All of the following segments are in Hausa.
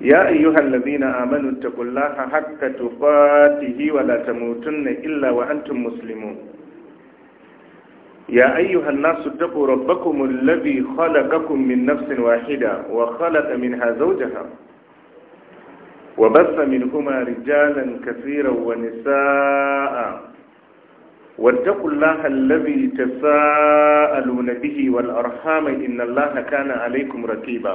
ya ayyuhal ladina amanu taqullaha hatta tuqatihi wa la tamutunna illa wa'antun antum ya ayyuhan nasu taqu rabbakum alladhi khalaqakum min nafsin wahida wa khalaqa minha zawjaha wa bassa minhuma rijalan katiran wa nisaa'a واتقوا الله الذي تساءلون به والأرحام إن الله كان عليكم رتيبا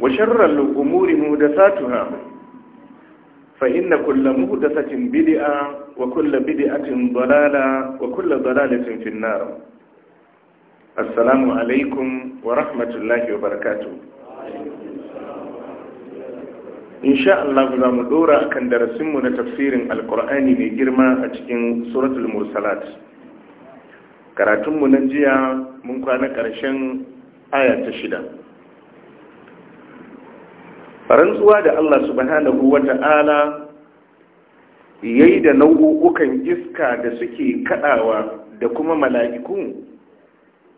Wa sharrar lu'umurinmu da sa tuha. Fa'in na kulla muhuɗa satin bidi'a wa kulla bidi'atin balala wa kulla balalin sunfin naro. Assalamu alaikum wa rahmatullahi wa barkatu. Insha'Allah za mu ɗora akan darasin mu na tafsirin Alƙur'ani mai girma a cikin surutan lumosalat. Karatunmu na jiya mun kwana na ƙarshen aya ta shida. rantsuwa da Allah subhanahu wata'ala yayi da nau'ukan iska da suke kadawa da kuma mala'iku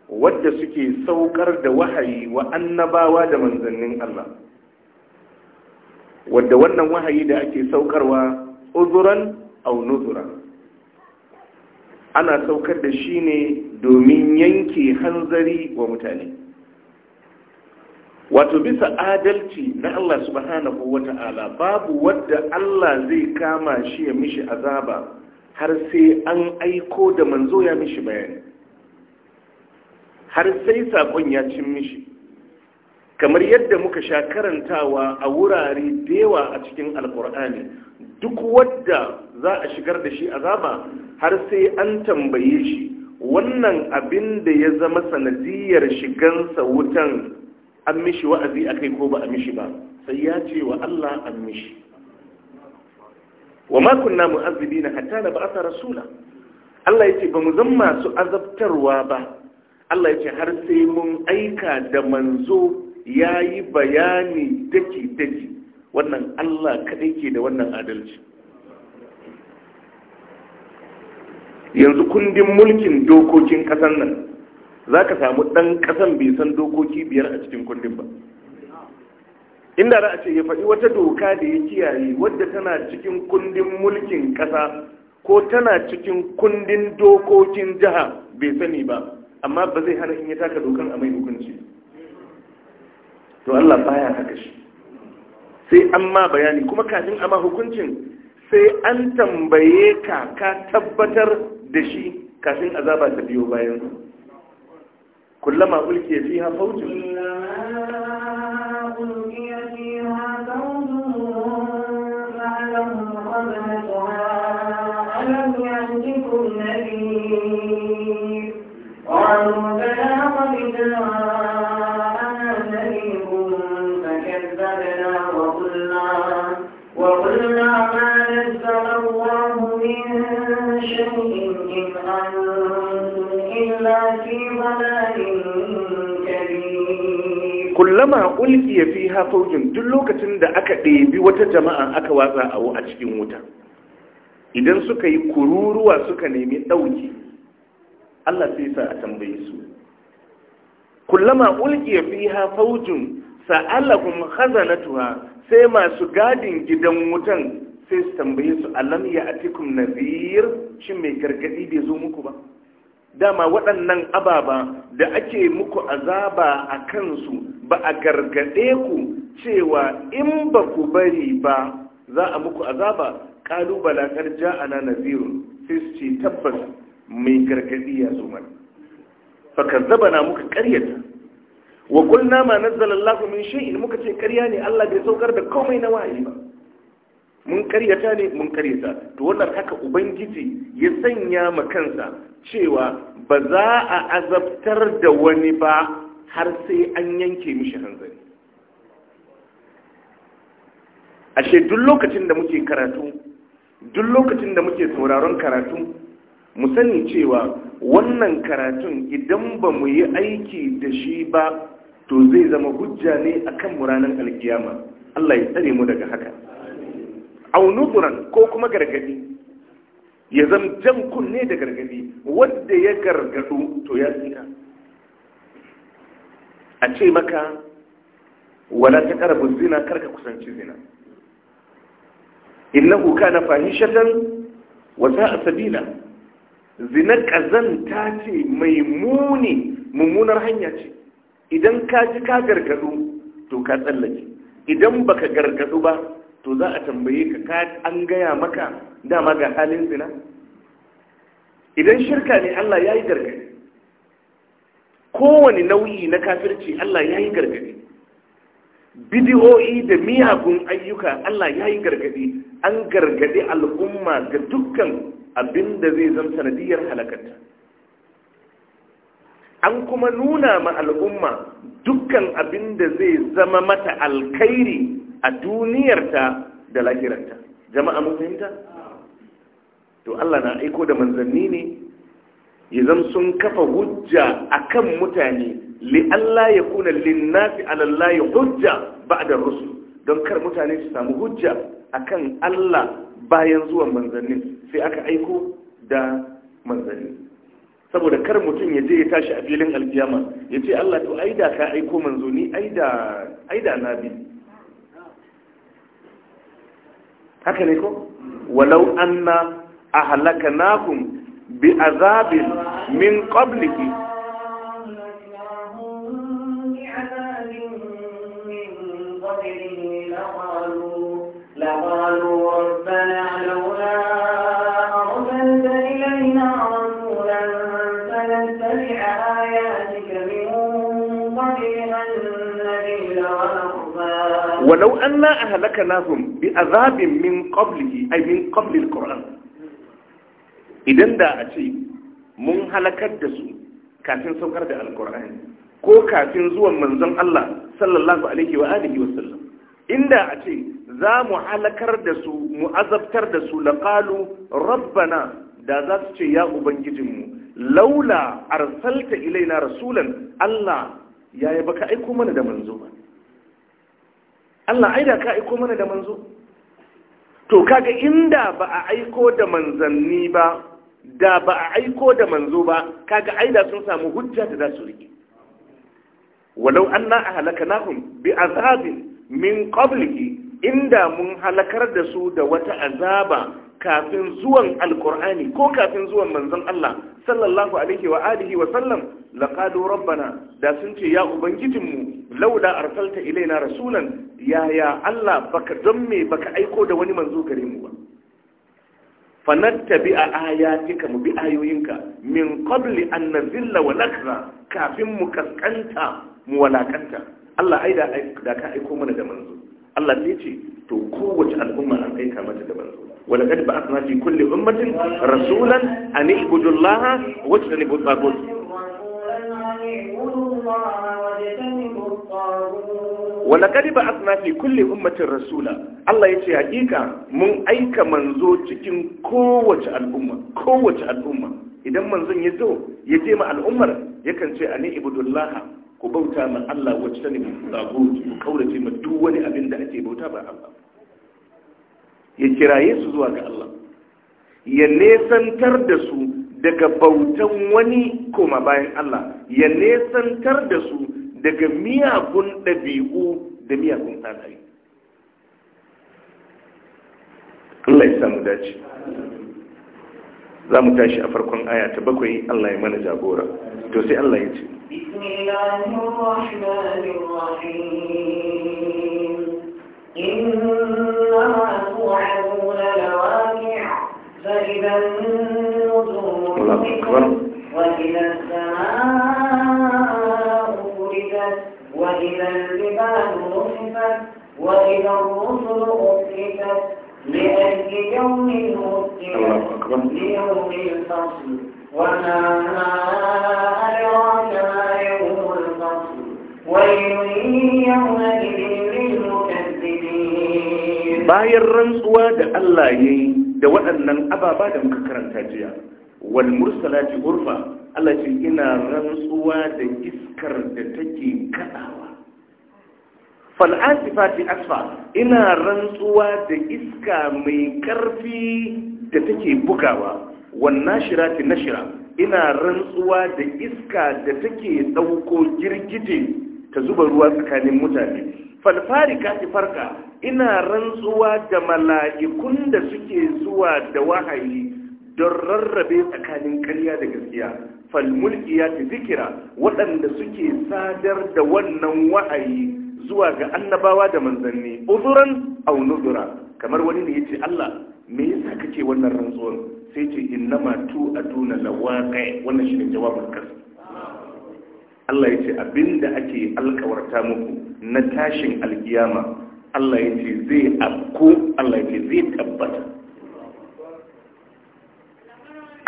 wadda suke saukar da wahayi wa annabawa da manzannin Allah wadda wannan wahayi da ake saukarwa uzuran au nuzuran ana saukar da shi ne domin yanke hanzari wa mutane wato bisa adalci na Allah subhanahu ta'ala babu wadda Allah zai kama shi ya mishi azaba har sai an aiko da manzo ya mishi bayani har sai sakon ya cin mishi kamar yadda muka sha karantawa a wurare da a cikin alkur'ani duk wadda za a shigar da shi azaba har sai an tambaye shi wannan abin da ya zama sanadiyar shigansa wutan an mishi wa'azi a kai ko ba a mishi ba sai ya ce wa Allah an mishi wa makon namun azubi na hatta na ba'asa rasula Allah ya ce ba mu zan masu azabtarwa ba Allah ya ce har sai mun aika da manzo ya yi bayani daki daki wannan Allah kaɗai ke da wannan adalci yanzu kundin mulkin dokokin ƙasar nan za ka samu ɗan ƙasan bai san dokoki biyar a cikin kundin ba inda za a ce ya faɗi wata doka da ya kiyaye wadda tana cikin kundin mulkin ƙasa ko tana cikin kundin dokokin jiha bai sani ba amma ba zai hana in ya taka dokan a mai hukunci to Allah baya haka shi sai an ma bayani kuma kafin a ma hukuncin sai an tambaye ka ka tabbatar da shi kafin azaba ta biyo bayan kullama ulke fiha faujin ulki ya fi hafaujin duk lokacin da aka ɗebi wata jama'a aka watsa awo a cikin wuta idan suka yi kururuwa suka nemi ɗauki Allah sai sa a tambaye su kullama ulqiya fiha haza na khazanatuha sai masu gadin gidan wutan sai su tambaye su alam ya cikin nazir shi mai gargadi bai zo muku ba dama waɗannan ababa da ake muku azaba a kansu ba a gargaɗe ku cewa in ba ku bari ba za a muku azaba ƙalubala ƙarja ana nazirun sai su ce tabbas mai gargaɗi ya zo mana fakar zaba na muka ƙaryata wa kulna ma nazzalallahu min shay'in muka ce karya ne Allah bai saukar da komai na wahayi ba mun karyata ne mun karyata to wannan haka ubangiji ya sanya ma kansa cewa ba za a azabtar da wani ba har sai an yanke mishi hanzari ashe duk lokacin da muke karatu duk lokacin da muke sauraron karatu mu sani cewa wannan karatun idan ba mu yi aiki da shi ba to zai zama hujja ne akan mu ranar alkiyama Allah ya tsare mu daga haka aunuburan ko kuma gargadi ya zama jan kunne da gargadi wanda ya gargadu to ya tsira a ce maka wala ta karabin zina karka kusanci zina innahu kana fahishatan wa sa'a sabila zina kazanta ce mai muni mummunar hanya ce idan ka ji ka gargadu to ka tsallake idan baka gargadu ba to za a tambaye ka an gaya maka dama ga halin zina idan shirka ne Allah ya yi gargadi kowane nauyi na kafirci Allah ya yi gargadi bidiyo'i da miyagun ayyuka Allah ya yi gargadi an gargadi al'umma ga dukkan abin da zai zama sanadiyar halakarta an kuma nuna ma al'umma dukkan abin da zai zama mata alkhairi. a duniyarta da lahirarta jama'a mun fahimta to Allah na aiko da manzanni ne idan sun kafa hujja akan mutane li Allah ya kuna linnasi ala Allah hujja ba'da rusul don kar mutane su samu hujja akan Allah bayan zuwan manzannin sai aka aiko da manzanni saboda kar mutum ya je ya tashi a filin alkiyama ya ce Allah to ai da ka aiko manzo ni ai da haka ne ko walau anna ahlakanakum bi azabin min qablihi walau anna ahlaknahum bi azabin min qablihi ay min qabli alquran idan da a ce mun halakar da su kafin saukar da alqur'ani ko kafin zuwan manzon Allah sallallahu alaihi wa alihi wa sallam inda a ce za mu halakar da su mu azabtar da su laqalu rabbana da za su ce ya ubangijinmu laula arsalta ilaina rasulan Allah yaya baka aiko mana da manzo ba Allah aida ka aiko mana da manzo to kaga inda ba a aiko da manzanni ba da ba a aiko da manzo ba kaga aida sun samu hujja da za su riƙe walau anna ahlaknahum bi azabin min qablihi inda mun halakar da su da wata azaba kafin zuwan Alƙur'ani ko kafin zuwan manzon Allah sallallahu alaihi wa alihi wa sallam rabbana da sun ce ya ubangijinmu lauda arsalta ilaina rasulan ya ya Allah baka don me baka aiko da wani manzo gare mu ba fanattabi a ayatika mu bi ayoyinka min qabli an nazilla wa nakra kafin mu kaskanta mu walakanta Allah aida da ka aiko mana da manzo Allah sai ce to kowace al'umma an aika mata da ولقد بعثنا في كل أمة رسولا أن اعبدوا الله واجتنبوا الطاغوت ولقد بعثنا في كل أمة رسولا الله يتي حقيقة من أيك منزو cikin kowace al'umma kowace al'umma idan manzon ya zo ya je ma al'ummar yakan ce ani ibudullah ku bauta ma Allah wacce ne ku kaurace duk wani abinda ake bauta ba Allah ya kiraye su zuwa ga Allah ya nesantar da su daga bautan wani koma bayan Allah ya nesantar da su daga miyagun ɗabi'u da miyagun tsanari Allah ya samu dace za mu tashi a farkon aya ta bakwai Allah ya mana jagora to sai Allah ya ce Bismillahirrahmanirrahim الكواكب فإذا النجوم وإذا السماء فردت وإذا الجبال نصفت وإذا الرسل أصلفت لأجل يوم أصلفت ليوم الفصل وما أدراك ما يوم الفصل ويل يومئذ bayan rantsuwa da Allah ya yi da waɗannan ababa da muka karanta jiya wal mursalati urfa Allah ce ina rantsuwa da iskar da take kadawa fal asifati asfa ina rantsuwa da iska mai karfi da take bugawa wan nashirati nashira ina rantsuwa da iska da take dauko girgije ta zuba ruwa tsakanin mutane falfarika farka ina rantsuwa da mala'ikun da suke zuwa da wahayi don rarrabe tsakanin karya da gaskiya falmulki ya zikira waɗanda suke sadar da wannan wahayi zuwa ga annabawa da manzanni uzuran au nuzura kamar wani ne yace Allah me yasa kake wannan rantsuwar sai ce innama tu aduna lawaqi wannan shine jawabin kasu Allah ya ce abinda ake alkawarta muku na tashin alkiyama Allah ya ce zai afko Allah ya ce zai tabbata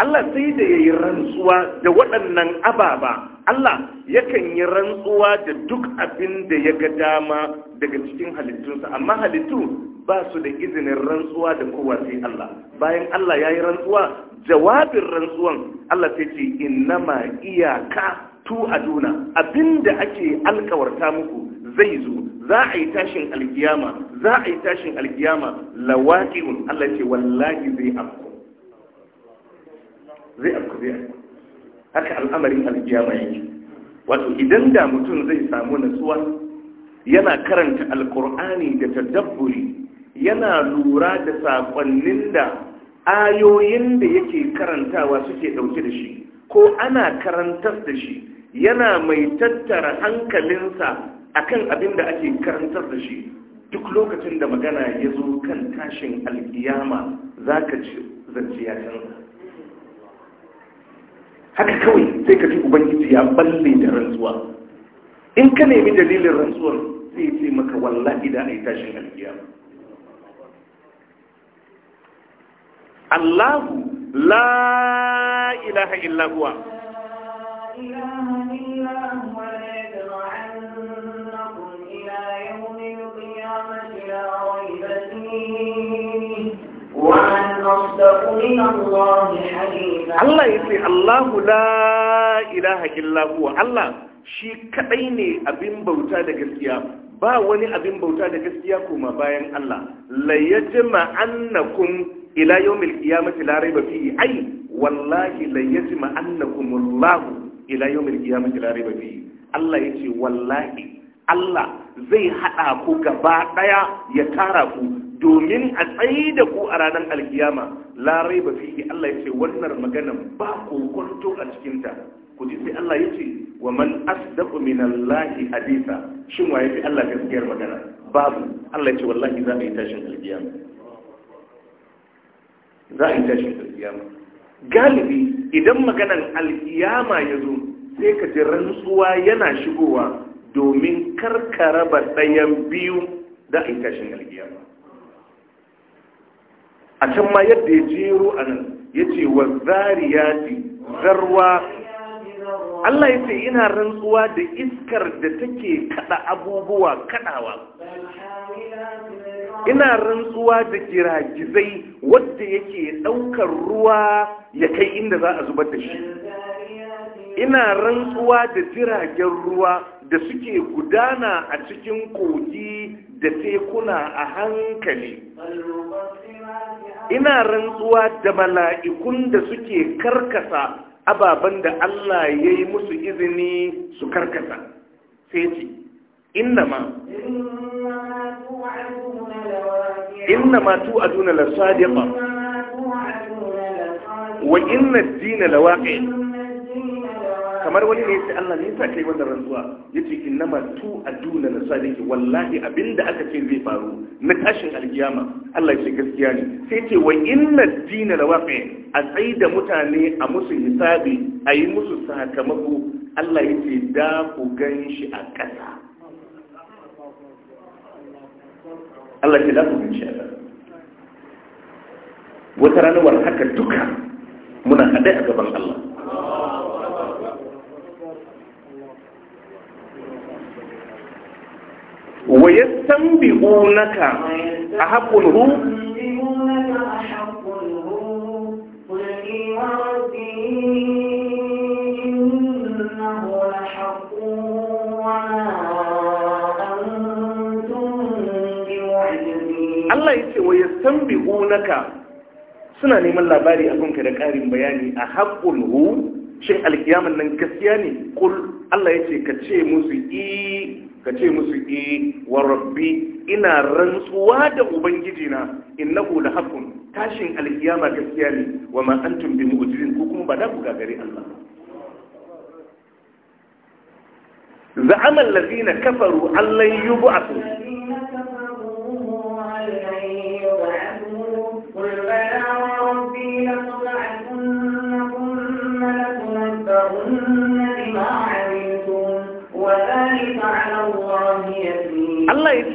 Allah sai da ya yi rantsuwa da waɗannan ababa Allah yakan yi rantsuwa da duk abinda da ya ga dama daga cikin halittunsa amma halittu ba su da izinin rantsuwa da kowa sai Allah bayan Allah ya yi rantsuwa jawabin rantsuwan Allah sai ce ma iyaka tu aduna abinda ake alkawarta muku zai zo za a yi tashin alkiyama za a yi tashin alkiyama lawaqi'un Allah ce wallahi zai afku zai afku zai afku haka al'amarin alkiyama yake wato idan da mutum zai samu nutsuwa yana karanta alkur'ani da tadabburi yana lura da sakonnin da ayoyin da yake karantawa suke dauke da shi ko ana karantar da shi yana mai tattara hankalinsa akan abin da ake karantar da shi duk lokacin da magana ya zo kan tashin alkiyama za ka ci zance haka kawai sai ka ji ubangiji ya balle da rantsuwa in ka nemi dalilin rantsuwar zai ce maka wallahi da a tashin alkiyama Allahu la ilaha illa huwa Allah ya ce Allahu la ilaha illa Allah shi kadai ne abin bauta da gaskiya ba wani abin bauta da gaskiya kuma bayan Allah la ma'annakun ila yawmil qiyamati la rayba fihi ai wallahi la yajma annakumullahu ila yawmil qiyamati la rayba fihi Allah yace wallahi Allah zai haɗa ku gaba ɗaya ya tara ku domin a tsayi da ku a ranar alkiyama larai ba fiye Allah ya ce wannan maganan ba kokonto a cikinta ku ji sai Allah ya ce wa man asdaqu min Allahi hadisa shin waye fi Allah gaskiyar magana babu Allah ya ce wallahi za a yi tashin alkiyama za a yi tashin alkiyama galibi idan maganan alkiyama ya zo sai ka ji rantsuwa yana shigowa domin karkara ba ɗayan biyu za a yi tashin alkiyama a can ma yadda ya jero a nan ya ce wa zariyati zarwa Allah ya ce ina rantsuwa da iskar da take kada abubuwa kadawa ina rantsuwa da giragizai wadda yake ɗaukar ruwa ya kai inda za a zubar da shi ina rantsuwa da jiragen ruwa da suke gudana a cikin kogi da tekuna a hankali ina rantsuwa da mala'ikun da suke karkasa ababen da Allah ya yi musu izini su karkasa sai ce innama innama tu'aduna lasadiqa wa inna ad-dina lawaqi kamar wani ne yace Allah ne yasa kai wannan rantsuwa yace innama tu'aduna lasadiqi wallahi abinda aka ce zai faru na tashin alkiyama Allah ya ce gaskiya ne sai ce wa inna ad-dina lawaqi a da mutane a musu hisabi a yi musu sakamako Allah ya ce da ku ganshi a ƙasa Allah ke lafi bin shi wata ranawar haka duka muna haɗe a gaban Allah wa yastanbi'unaka ahaqqun hu ahaqqun hu qul unaka suna neman labari a da ƙarin bayani a haƙƙul hu shin nan gaskiya ne kul Allah ya ce ka ce musu i ka ce musu i wa rabbi ina rantsuwa da ubangiji na innahu la haqqun tashin alkiyama gaskiya ne wa ma antum bi mu'jizin ku kuma ba da ku gagare Allah za'ama allazina kafaru allan yub'athu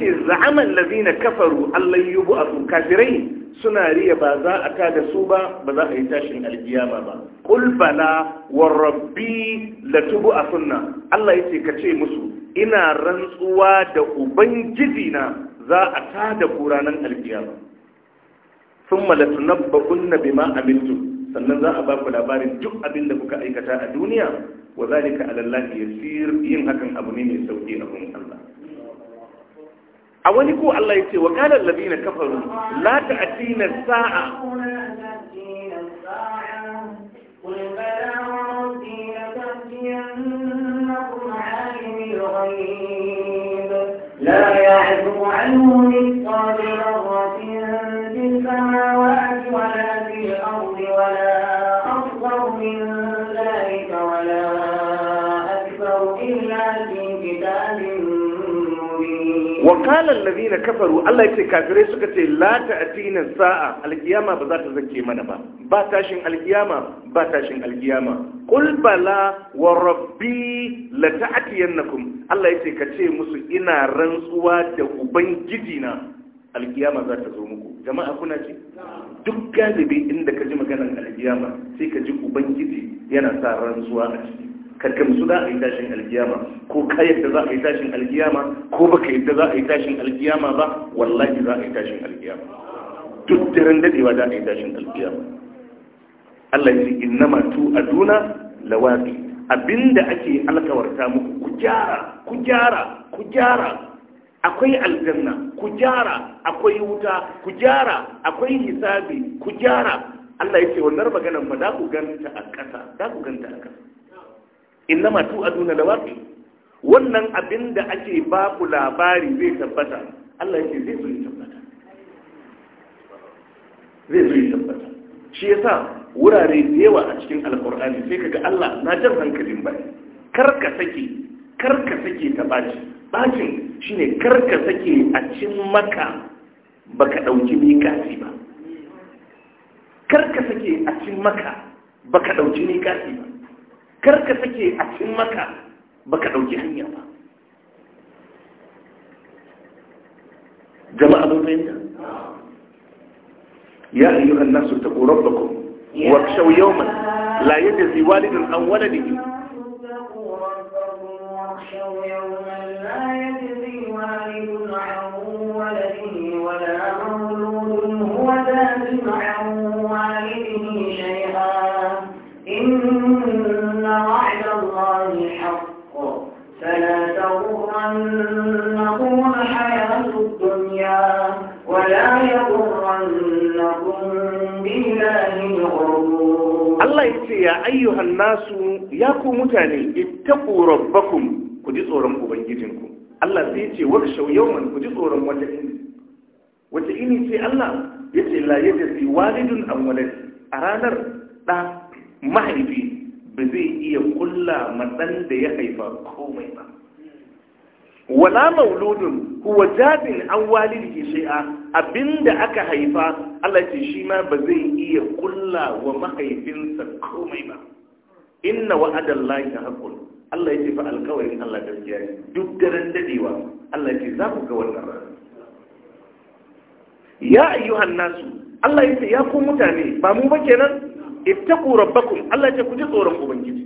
ce za'aman lazina kafaru Allah yubu a kafirai suna riya ba za a ta da su ba ba za a yi tashin alkiyama ba qul bala wa rabbi latubu asunna Allah yace ka ce musu ina rantsuwa da ubangiji na za a tada da kuranan alkiyama thumma latunabba'unna bima amiltum sannan za a ba ku labarin duk abin da kuka aikata a duniya wa zalika ala yasir yin hakan abu ne mai sauki a Allah a wani ko Allah ya ce wa kalar labina kafaru la ta atina sa'a لا يعزو عنه مثقال wa qala na kafaru Allah ce kafirai suka ce a ta'tina sa'a alkiyama ba za ta zake mana ba ba tashin alkiyama ba tashin alkiyama Kulbala wa rabbi la kun Allah yace ka ce musu ina rantsuwa da ubangiji na alkiyama za ta zo muku jama'a kuna ji duk galibi inda ka ji maganar alkiyama sai ka ji ubangiji yana sa rantsuwa a ciki karkam su da a yi tashin alkiyama ko ka yadda za a yi tashin alkiyama ko baka yadda za a yi tashin alkiyama ba wallahi za a yi tashin alkiyama duk daren dadewa za a yi tashin alkiyama Allah ya ce innama tu aduna lawaqi abinda ake alkawarta muku ku gyara ku gyara ku gyara akwai aljanna ku gyara akwai wuta ku gyara akwai hisabi ku gyara Allah ya ce wannan maganar ba za ku ganta a ƙasa za ku ganta a ƙasa innama tu aduna da wafi wannan abin da ake baku labari zai tabbata Allah yake zai zuri tabbata zai zuri tabbata shi yasa wurare da yawa a cikin alkur'ani sai kaga Allah na jan hankalin bai karka sake karka sake ta baci bacin shine karka sake a cin maka baka dauki mikati ba karka sake a cin maka baka dauki mikati ba kar ka sake a cikin maka baka ɗauki hanya ba jama'a don fahimta ya ayyuhan nasu taqu rabbakum واخشوا يوما لا يجزي والد عن ولده Allah ya ce ya ayyuhan nasu ya ku mutane ita ƙorabbakun ku ji tsoron Ubangijinku. Allah zai ce wa shau yawon ku ji tsoron wata ini. ini ya ce laye da zai walidun an wani a ranar ɗa mahaifi ba zai iya kulla matsan da ya haifa komai ba. wala mauludun huwa jabin an walidihi shay'a abinda aka haifa Allah ce shi ma ba zai iya kulla wa mahaifinsa komai ba inna wa'adallahi haqqun Allah yake fa alƙawarin Allah gaskiya duk daren dadewa Allah yake za ku ga wannan rana ya ayyuhan nasu Allah yake ya ku mutane ba mu ba kenan ittaqu rabbakum Allah yake ku ji tsoron ubangiji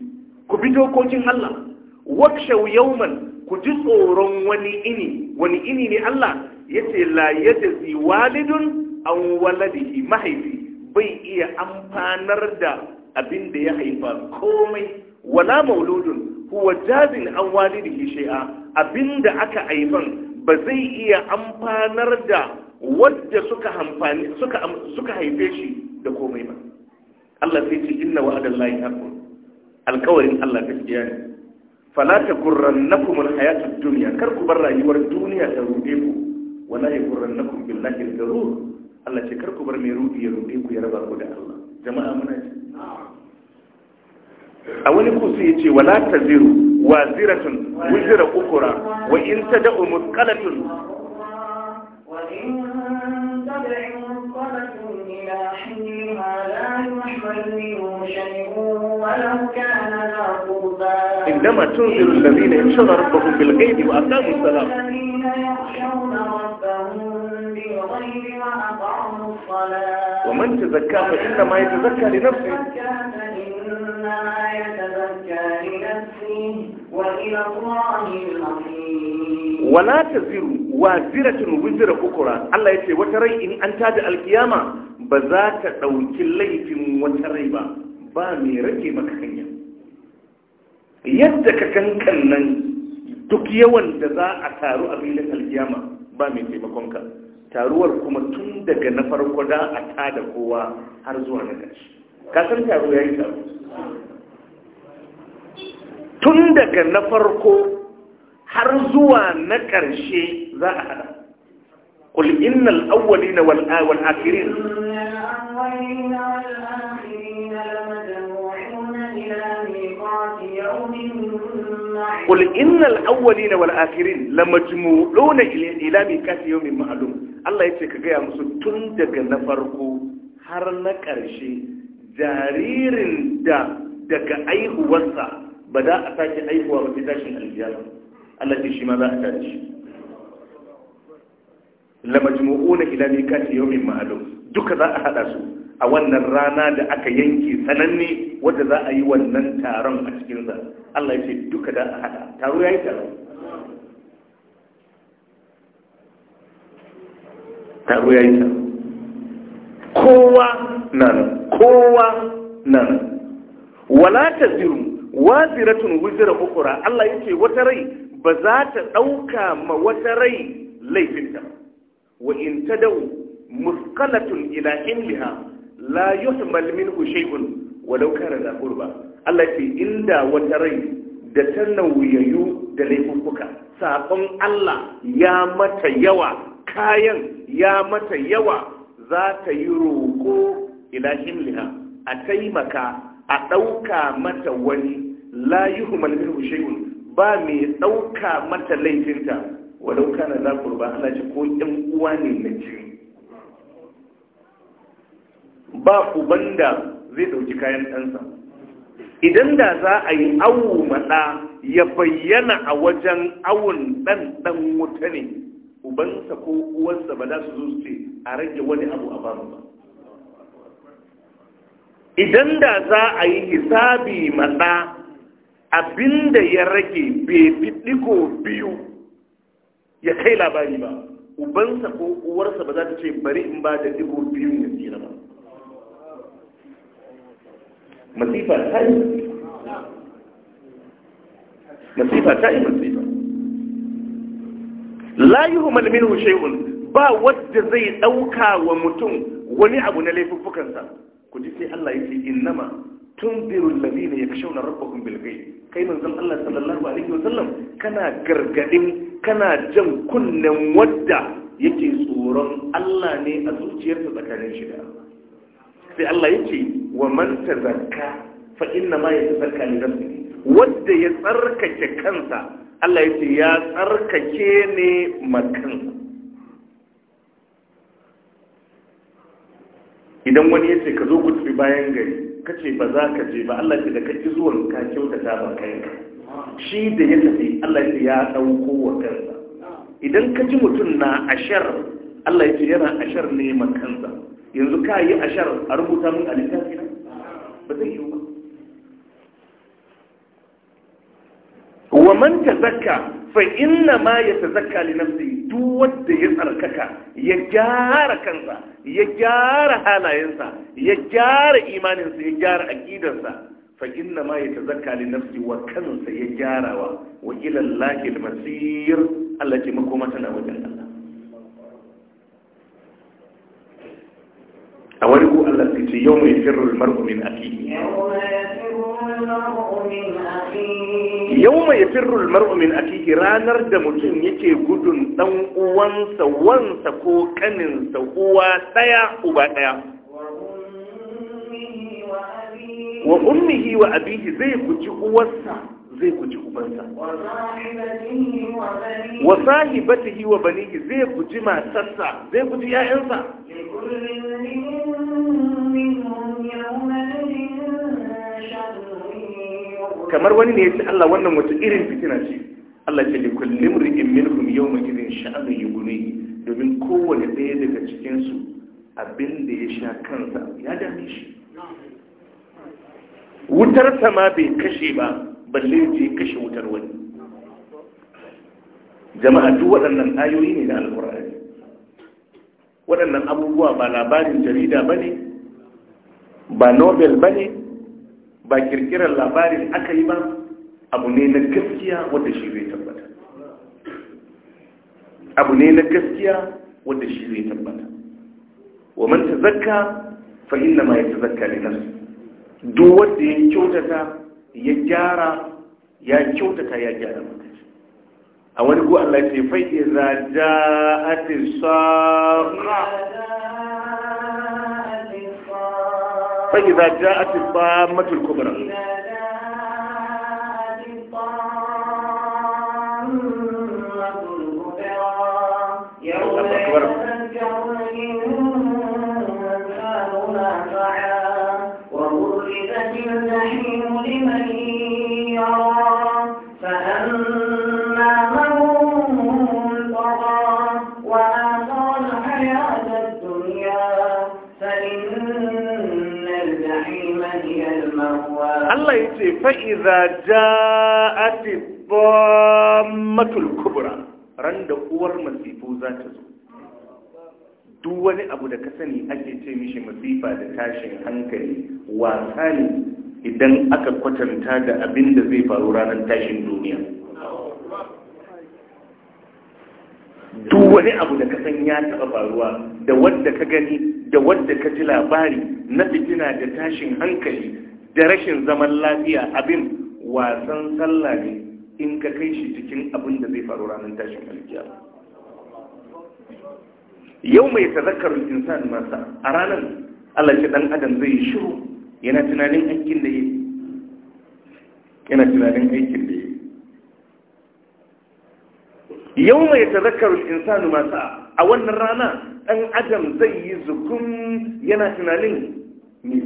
ku bi dokokin Allah wakshaw yawman ku ji tsoron wani ini wani ini ne Allah Ya ce la yajzi walidun an waladihi mahaifi bai iya amfanar da abin da ya haifa komai wala mauludun huwa jazin an walidihi shay'a abin da aka haifan ba zai iya amfanar da wadda suka amfani suka suka haife shi da komai ba Allah sai ce inna wa'adallahi haqqun alƙawarin Allah gaskiya ne fala na kuma alhayatud duniya, kar ku bar rayuwar duniya ta rude ku wala ya na kuma, billahi al-gharur Allah ce kar ku bar mai rudi ya rude ku ya raba ku da Allah jama'a muna ji a wani kusa ya ce wala ta taziru waziratun wuzira ukura wa in tada'u mutqalatun wa in tada'u mutqalatun إنما تنذر الذين يخشون ربهم بالغيب وأقاموا الصلاة الذين يخشون ربهم بالغيب وأقاموا الصلاة ومن تزكى فإنما يتزكى لنفسه إنما يتزكى لنفسه وإلى الله المصير ولا تزر وازرة وزر أخرى الله يتي وتري إن أنت القيامة ba za ka ɗauki laifin wata rai ba ba mai rage maka hanya yadda ka kankan nan duk yawan da za a taru a filin alkiyama ba mai taimakonka taruwar kuma tun daga na farko da a tada kowa har zuwa na ƙarshe kasar taro ya yi taro tun daga na farko har zuwa na ƙarshe za a haɗa. hada قل إن الأولين والآخرين الأولين والآخرين لمجموعون إلى ميقات يوم قل إن الأولين والآخرين لمجموعون إلى ميقات يوم معلوم Allah ya ce ka gaya musu tun daga na farko har na ƙarshe jaririn da daga aihuwarsa ba za a sake aihuwa ba sai tashin aljiyar Allah ce shi ma za a tashi ila yawmin ma'lum duka za a haɗa su a wannan rana da aka yanke sananne wadda za a yi wannan taron a cikinsa Allah ya ce duka da a haɗa taro ya yi taro taro ya yi taro kowa nan kowa nan wala ta ziru waziratun wuzira ukura Allah ya ce wata rai ba za ta ɗauka ma wata rai laifinta wa in ta dau musqalatun ila himliha la yuhmal minhu shay'un walau kana da qurba Allah ce inda wata rai da ta nauyayu da laifuka sakon Allah ya mata yawa kayan ya mata yawa za ta yi roƙo ila himliha a taimaka a ɗauka mata wani la yuhmal minhu shay'un ba mai ɗauka mata laifinta walau kana za qurba Allah ce ko ɗan uwa ne na jini ba uban da zai ɗauki kayan ɗansa idan da za a yi awu maɗa ya bayyana a wajen awun ɗanɗan ɗan wuta ne ubansa ko uwansa ba za su zo ce a rage wani abu a bamu ba idan da za a yi hisabi maɗa abinda ya rage bai fi ɗigo biyu ya kai labari ba ubansa ko uwarsa ba za ta ce bari in ba da ɗigo biyu ya tsira ba masifa ta yi masifa ta yi masifa la yi humal ba wadda zai ɗauka wa mutum wani abu na laifuffukansa ku ji sai Allah ya ce innama tunziru ya yakshawna rabbahum bil ghaib kai manzon Allah sallallahu alaihi wa sallam kana gargadin kana jan kunnen wadda yake tsoron Allah ne a zuciyarsa tsakanin shi da Allah sai Allah yake wa man tazakka fa inna ma yatazakka li nafsihi wanda ya tsarkake kansa Allah ya ce ya tsarkake ne makan idan wani ya ce ka zo ku bayan gari ka ce ba za ka je ba Allah ce da ka zuwan ka ta ba kanka. shi da ya tafi Allah ya ɗauko wa kansa idan ka ji mutum na ashar Allah ya ce yana ashar ne ma kansa yanzu ka yi ashar a rubuta mun a littafi ba zai yiwu ba wa man zakka fa inna ma yatazakka li nafsihi duk wanda ya tsarkaka ya gyara kansa ya gyara halayensa ya gyara imaninsa ya gyara aqidarsa fa inna ma yatazakka li nafsihi wa kansa ya gyarawa wa ila lahi al-masir Allah ke makoma tana wajen Allah a wani ku Allah sai ce yau mai firrul mar'u min akhihi yau mai firrul mar'u min akhihi ranar da mutum yake gudun dan uwansa wansa ko kaninsa uwa daya uba daya wa ummihi wa abihi zai guji uwarsa zai guji ubansa wa sahibatihi wa banihi zai guji matarsa zai guji ya'yansa kamar wani ne ya ce Allah wannan wata irin fitina ce Allah ce likullin ri'in minhum yawma idin sha'anu yuguni domin kowane ɗaya daga cikinsu abin da ya sha kansa ya dame shi wutar sama bai kashe ba balle je kashe wutar wani jama'a duk waɗannan ayoyi ne na alƙur'ani waɗannan abubuwa ba labarin jarida ba ne ba nobel ba ne ba kirkirar labarin aka yi ba abu ne na gaskiya wadda shi zai tabbata abu ne na gaskiya wadda shi zai tabbata wa man tazakka fa inna ma yatazakka li nafsi duk wanda ya kyautata ya gyara ya kyautata ya gyara a wani ko Allah ce fa iza ja'ati sa'a fa iza ja'ati sa'atul kubra Allahu akbar fa'iza ja'ati dhammatul kubra ran da uwar masifu za ta zo duk wani abu da ka sani ake ce mishi masifa da tashin hankali wasa ne idan aka kwatanta da abin da zai faru ranar tashin duniya duk wani abu da ka san ya taɓa faruwa da wadda ka gani da wadda ka ji labari na fitina da tashin hankali da rashin zaman lafiya abin wasan sallah ne in ka kai shi cikin abin da zai faru ranar tashin alkiya yau mai tazakarun insan masa a ranar Allah dan adam zai shiru yana tunanin aikin da yana tunanin aikin da yi yau mai tazakarun insan masa a wannan rana dan adam zai yi zukun yana tunanin mai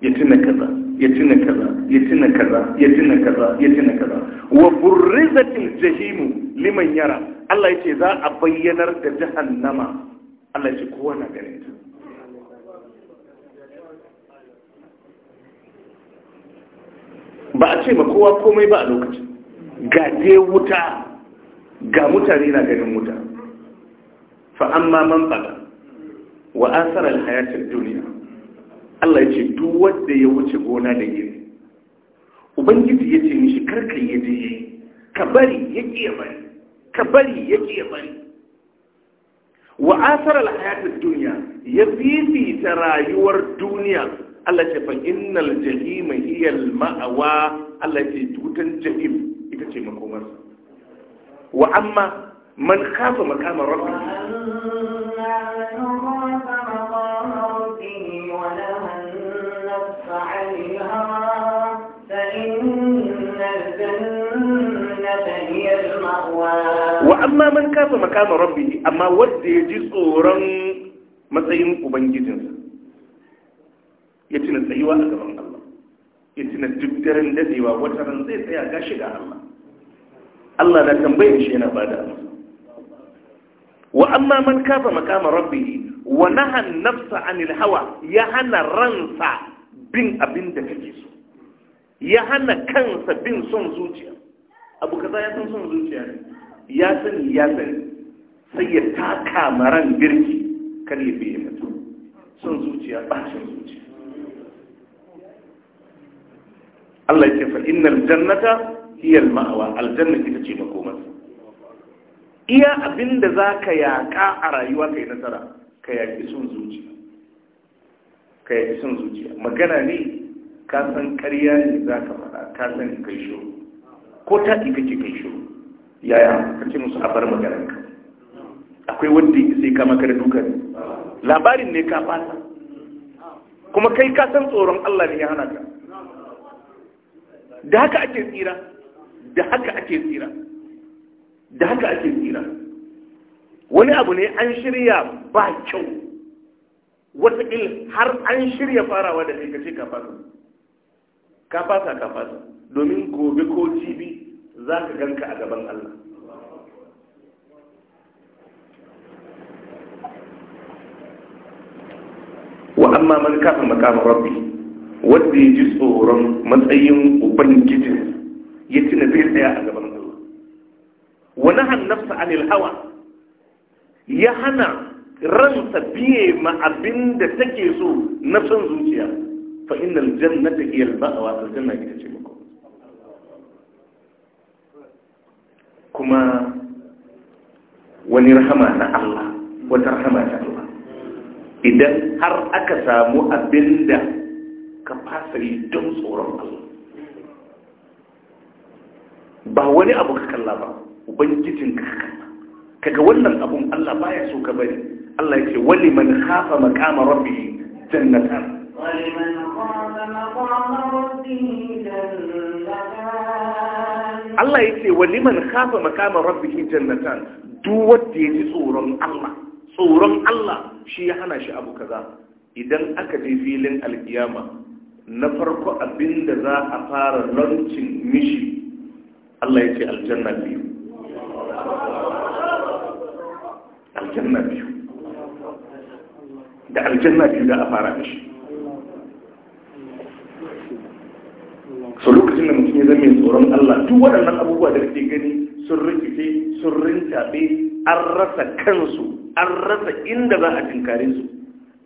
ya ya kaza ya kaza ya kaza ya kaza wa burrizatil jahimu liman yara Allah yace za a bayyanar da jahannama Allah yace kowa na gare ta ba a ce ma kowa komai ba a lokacin ga je wuta ga mutane na ganin wuta fa amma man fada wa asarar hayatar duniya Allah ya ce duk wanda ya wuce gona da iri ubangiji ya ce mishi karka ya je ka bari ya ƙiya bari ka bari ya ƙiya bari wa asarar hayatar duniya ya fifita rayuwar duniya Allah ce fa innal jahima hiya al ma'awa Allah ce tutan jahim ita ce makomarsa wa amma man kafa makaman rabbi wa amma man kafa makama rabbi amma wanda ya ji tsoron matsayin ubangijinsa ya tuna tsayuwa a gaban Allah ya tuna duk daren dadewa wata ran zai tsaya gashi ga Allah Allah na tambayar shi yana bada wa amma man kafa makama rabbi wa naha nafsa anil hawa ya hana ransa bin abin da kake so ya hana kansa bin son zuciya abu kaza ya san son zuciya ne ya sani ya sani sai ya taka maran birki kar ya biye mutu son zuciya bacin zuciya Allah ke fa innal jannata hiya al-ma'wa ita ce makomar iya abinda zaka yaƙa a rayuwa kai nasara ka yaƙi son zuciya ka yaƙi son zuciya magana ne ka san ƙarya ne zaka faɗa ka san kai shiru ko ta ki kake kai shiru yaya ka ce musu a bar maganar ka akwai wanda sai ka maka da dukan labarin ne ka fata kuma kai ka san tsoron Allah ne ya hana ka da haka ake tsira da haka ake tsira da haka ake tsira wani abu ne an shirya ba kyau wataƙil har an shirya farawa da kai ka ce ka fasa ka fasa ka fasa domin gobe ko jibi za ka ganka a gaban Allah wa amma man kafa makamin rabbi wanda ya ji tsoron matsayin ubangijin ya tuna zai tsaya a gaban Allah wani hannafsa anil hawa ya hana ransa biye ma abin da take so na son zuciya fa ta iya hiya al-ma'wa aljanna ita ce mako kuma wani rahama na Allah wata rahama ta Allah idan har aka samu abinda ka fasa yi don tsoron Allah ba wani abu ka kalla ba ubangijin ka kalla kaga wannan abun Allah baya so ka bari Allah ya ce wali man khafa maqama rabbih jannatan wali man khafa maqama rabbih jannatan Allah ya ce waliman khafa makaman rabbihi jannatan duk wanda ya ji tsoron Allah tsoron Allah shi ya hana shi abu kaza idan aka je filin alkiyama na farko abinda za a fara lancin mishi Allah ya ce aljanna biyu aljanna biyu da aljanna biyu da a fara mishi so lokacin da mutum ya zama mai tsoron Allah duk waɗannan abubuwa da kake gani sun rikice sun rintaɓe an rasa kansu an rasa inda za a tinkare su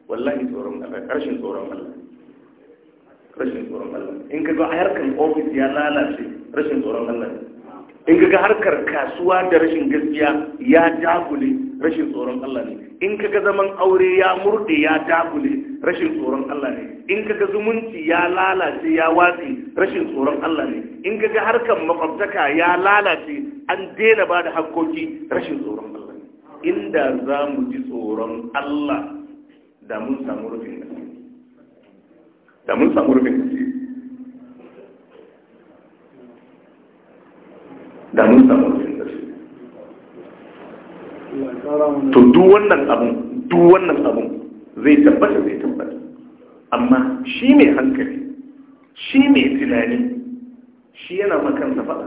wallahi tsoron Allah ƙarshen tsoron Allah rashin tsoron Allah in ka ga ayyukan ofis ya lalace rashin tsoron Allah in ga harkar kasuwa da rashin gaskiya ya dagule rashin tsoron Allah ne in ka ga zaman aure ya murde ya dagule rashin tsoron Allah ne in ka ga zumunci ya lalace ya watsi rashin tsoron Allah ne in ga harkar makwabtaka ya lalace an daina ba da hakkoki rashin tsoron Allah ne inda za mu ji tsoron Allah da mun samu rufin da mun samu rufin da mun samu to duk wannan abun duk wannan abun zai tabbata zai tabbata amma shi mai hankali shi mai tunani shi yana makan faɗa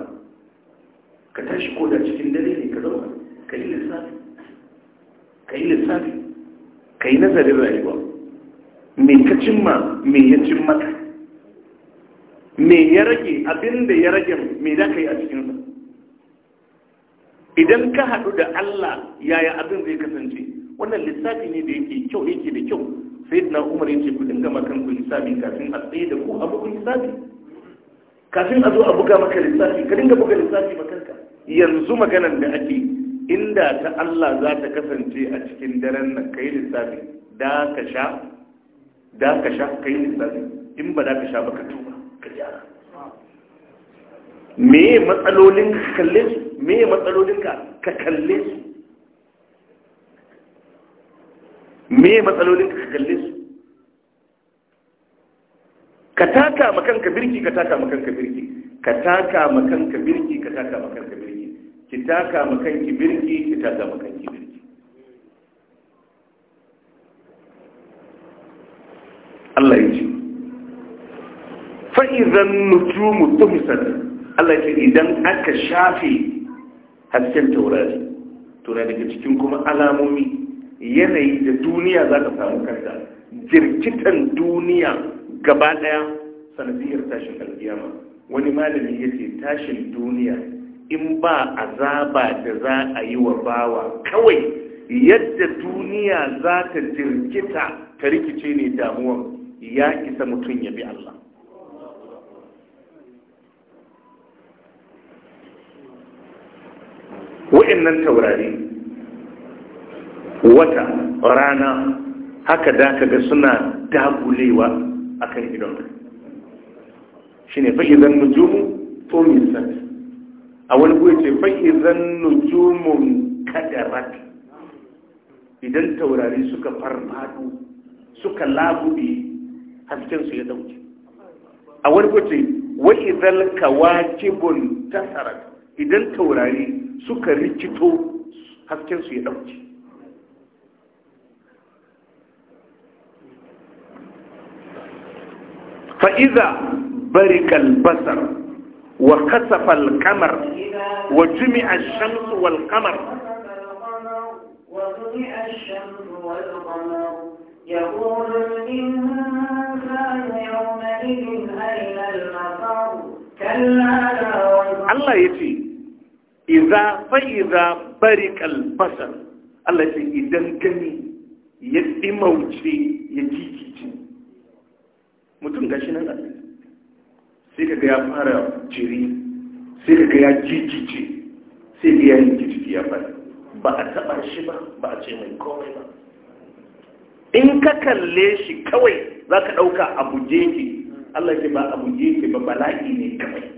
ka tashi ko da cikin dare ne ka zama ka yi lissafi ka yi lissafi ka yi nazarin rayuwa me ka cimma me ya cimma me ya rage abin da ya rage me da ka yi a cikin idan ka haɗu da Allah yaya abin zai kasance wannan lissafi ne da yake kyau yake da kyau sai na umar yace ku dinga makan ku lissafi kafin a tsaye da ku a buga lissafi kafin a zo a buga maka lissafi ka dinga buga lissafi makanka yanzu maganan da ake inda ta Allah za ta kasance a cikin daren nan kai lissafi da ka sha da ka sha kai lissafi in ba da ka sha ba ka tuba ka gyara me matsalolin kalle me matsalolinka ka kalle su me matsalolinka ka kalle su ka taka kanka birki ka taka kanka birki ka taka kanka birki ka taka kanka birki ki taka kanki birki ki taka kanki birki Allah ya ce fa'izan nujumu tumsat Allah ya ce idan aka shafe hasken taurari tuna daga cikin kuma alamomi yanayi da duniya za ka samu kanta jirkitan duniya gaba daya sanadiyar tashin alkiyama wani malami ya ce tashin duniya in ba a azaba da za a yi wa bawa kawai yadda duniya za ta jirkita ta rikice ne damuwan ya isa mutum ya bi Allah wa'annan taurari wata rana haka da ka ga suna dagulewa a kan idonka shi ne zan nujumu to misal a wani kuwa ce zan nujumun kadarat idan taurari suka farfado suka labuɗe haskensu ya dauke a wani kuwa ce wa'izan kawakibun tasarar idan taurari suka rikito haskensu ya ɗauki fa'iza barikal basar wa kasafal kamar wa jumi'a shamsu wal kamar Allah ya ce, iza fa'iza bari kalbasar Allah ce idan gani ya ɗimauce ya jikice mutum gashi nan a sai kaga ya fara jiri sai kaga ya jikice sai da ya jikice ya fara ba a taɓa shi ba ba a ce mai komai ba in ka kalle shi kawai za ka ɗauka abu jeji Allah ce ba abu jeji ba bala'i ne kawai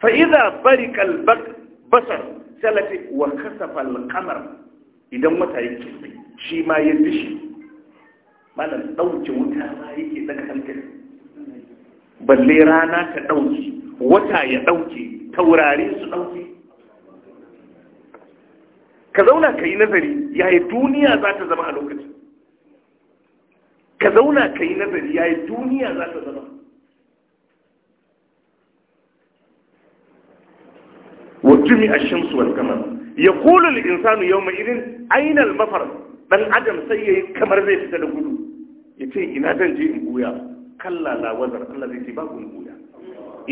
fa idza barika basar salati wa kasafa al-qamar idan wata yake shi ma ya dishi malam dauke wuta ma yake daga hankali balle rana ta dauke wata ya dauke taurari su dauke ka zauna ka yi nazari yayi duniya za ta zama a lokacin ka zauna ka yi nazari yayi duniya za ta zama wa a ash-shamsu wal qamar yaqulu al-insanu yawma idin aina al-mafar dan adam sai yayi kamar zai fita da gudu yace ina zan je in buya kalla la wazar Allah zai ce ba ku buya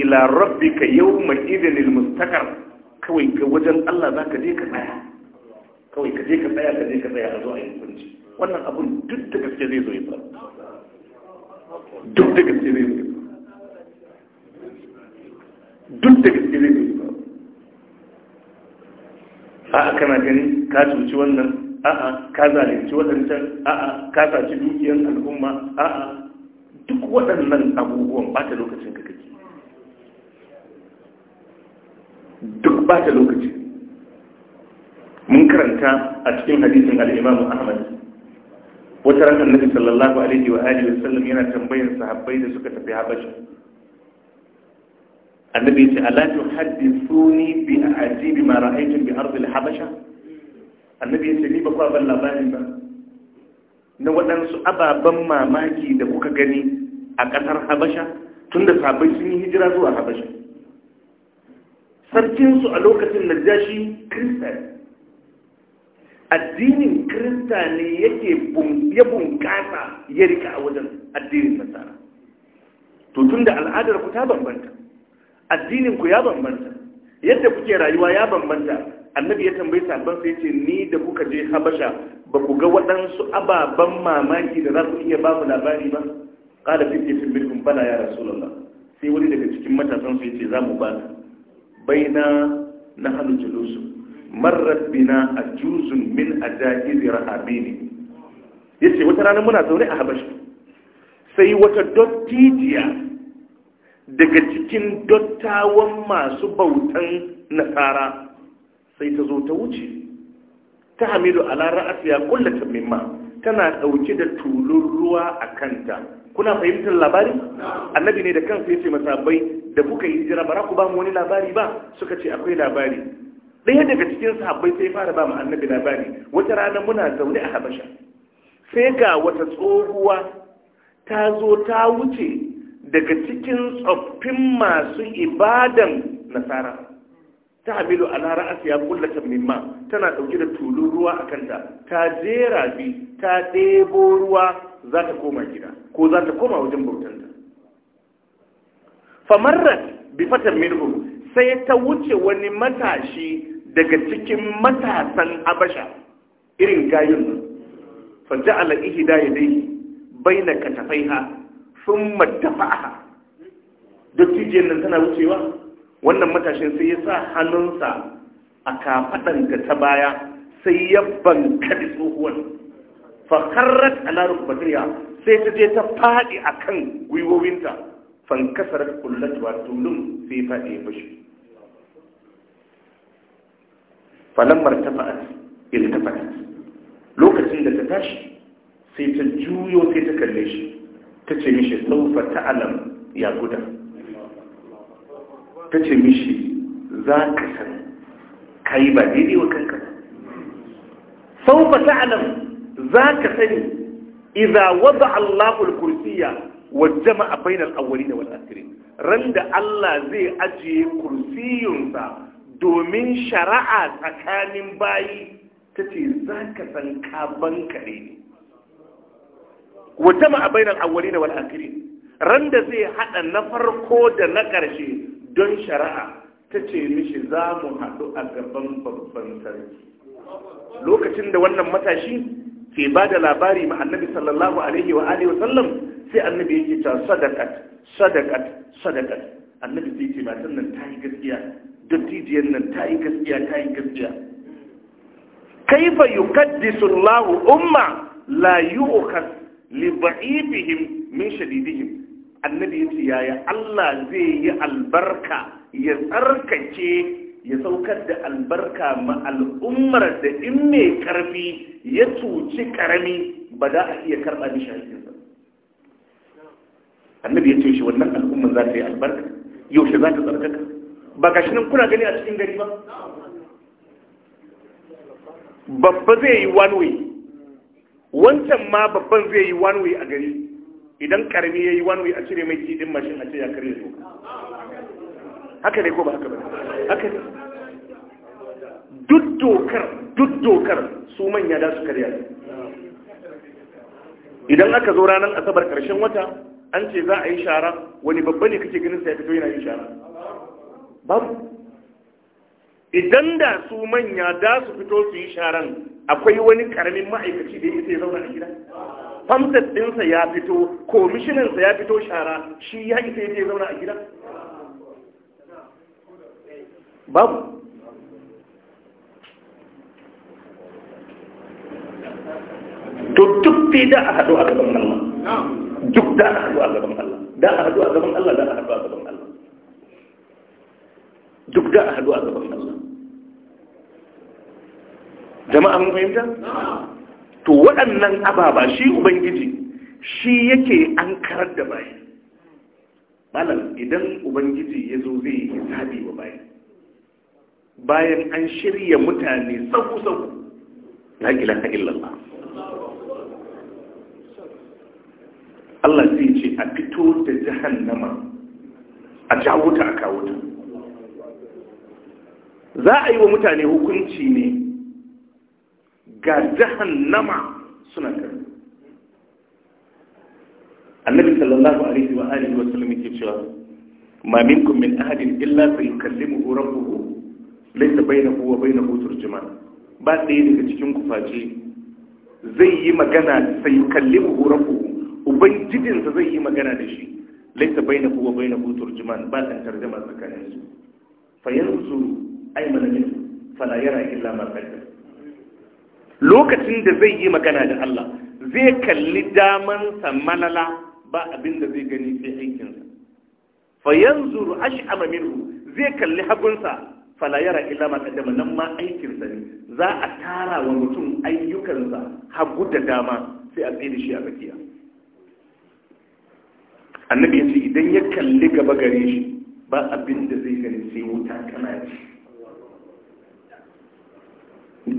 ila rabbika yawma idin al-mustaqar kawai ga wajen Allah zaka je ka tsaya kawai ka je ka tsaya ka je ka tsaya zo a wannan abun duk da gaske zai duk da gaske zai a'a kana gani ka cuci wannan a'a ka zalunci waɗancan a'a ka saci dukiyar al'umma a'a duk waɗannan abubuwan ba ta lokacin ka kake duk ba ta lokaci mun karanta a cikin hadisin al'imamu ahmad wata ranar annabi sallallahu alaihi wa alihi wasallam yana tambayar sahabbai da suka tafi habashi annabi ya ce ala tuhaddithuni bi ajibi mara ra'aytu bi ardi habasha annabi ya ce ni ba ban labarin ba na waɗansu ababen mamaki da kuka gani a ƙasar habasha tun da sun yi hijira zuwa habasha sarkinsu a lokacin najashi kirista addinin kirista ne yake ya bunƙasa ya rika a wajen addinin nasara to tun da al'adar ku ta bambanta addinin ku ya bambanta yadda kuke rayuwa ya bambanta annabi ya tambayi sabon sai ce ni da kuka je habasha ba ku ga waɗansu ababen mamaki da za ku iya ba mu labari ba ƙada fi kefin birkin bala ya rasu rasulallah sai wani daga cikin matasan sai ce za mu ba bai na na hannu jalusu marar bina a juzun min a ja'izi rahabini ya ce wata rana muna zaune a habasha sai wata dottijiya daga cikin dottawan masu bautan nasara sai ta zo ta wuce ta Hamidu ala kulla kullata mimma tana dauke da tulun ruwa a kanta kuna fahimtar labari annabi ne da kansa ya ce masabai da kuka yi hijira bara ku ba mu wani labari ba suka ce akwai labari ɗaya daga cikin sahabbai sai fara ba mu annabi labari wata rana muna zaune a habasha sai ga wata tsohuwa ta zo ta wuce daga cikin tsoffin masu ibadan nasara ta hamilu a ya kullata mimma tana ɗauke da tulun ruwa a kanta ta jera bi ta ɗebo ruwa za ta koma gida ko za ta koma wajen bautanta famarrat bi fatar minhu sai ta wuce wani matashi daga cikin matasan abasha irin gayun fa faja'ala ihda yadayhi baina katafaiha sun maddafa'a jiyan nan tana wucewa wannan matashin sai ya sa hannunsa a da ta baya sai ya banka da tsohuwar fakarrat larin rubbatiya sai ta je ta faɗi a kan gwiwowinta fankasarar kullat ba tulun sai faɗi ya bashi falammar tafa'at iltafa'at lokacin da ta tashi sai ta juyo sai ta kalle shi ta ce mishi saufa ta'alam ya guda ta ce mishi za ka san kayi ba daidai wa kanka saufa ta'alam za ka sani iza wadda allahul kursiya wajama a bainar awali da wal'asirin ran da allah zai ajiye kursiyunsa domin shari'a tsakanin bayi tace ce za ka san ka bankare ne wa jama'a awali da wal akhirin ran da zai haɗa na farko da na ƙarshe don shari'a ta ce mishi za mu haɗu a gaban babban sarki lokacin da wannan matashi ke ba da labari ma annabi sallallahu alaihi wa alihi wasallam sai annabi yake ta sadakat sadakat sadakat annabi sai ce matan nan ta yi gaskiya dattijiyar nan ta yi gaskiya ta yi gaskiya kaifa yukaddisu Allahu umma la yu'khas li ba'idihim min shadidihim annabi yace yaya Allah zai yi albarka ya tsarkake ya saukar da albarka ma al'ummar da in mai karfi ya tuci karami ba za a iya karɓa mishi annabi ya ce shi wannan al'ummar nan kuna gani a cikin gari ba babba zai yi wancan ma babban zai yi one way a gari idan karami ya yi one way a cire mai jidin mashin a ce ya karye su haka ne ko ba haka ba haka ne duk dokar duk dokar su manya da su karya idan aka zo ranar asabar karshen wata an ce za a yi shara wani babba ne kake ganin sa ya fito yana yin shara babu idan da su manya da su fito su yi sharan akwai wani karamin ma'aikaci da ya ya zauna a gida famsat ɗinsa ya fito komishinansa ya fito shara shi ya isa ya zauna a gida babu to duk dai da a haɗu a gaban Allah duk da a haɗu a gaban Allah da a haɗu a gaban Allah da a haɗu a gaban Allah duk da a haɗu a gaban Allah jama'a mun fahimta to waɗannan ababa shi ubangiji shi yake an karar da bayi malam idan ubangiji ya zo zai yi hisabi wa bayi bayan an shirya mutane sauku na la ilaha illallah Allah zai ce a fito da jahannama a jawo ta a kawo ta za a yi wa mutane hukunci ne ga jahannama suna kare annabi sallallahu alaihi wa alihi wa sallam yake cewa ma minkum min ahadin illa sayukallimuhu rabbuhu laysa bainahu wa bainahu turjuman ba ɗaya daga cikin ku face zai yi magana sayukallimuhu rabbuhu ubangijinsa zai yi magana da shi laisa baina kuwa baina ku turjuman ba kan tarjuma tsakanin su fa yanzu malamin fa fala yara illa ma qaddam lokacin da zai yi magana da Allah zai kalli damansa malala ba abin da zai gani sai aikinsa fa yanzuru ash'ama minhu zai kalli hagunsa la yara illa ma nan ma aikinsa ne za a tara wa mutum ayyukansa hagu da dama sai a tsere shi a tsakiya annabi yace idan ya kalli gaba gare shi ba abin da zai gani sai wuta kana ji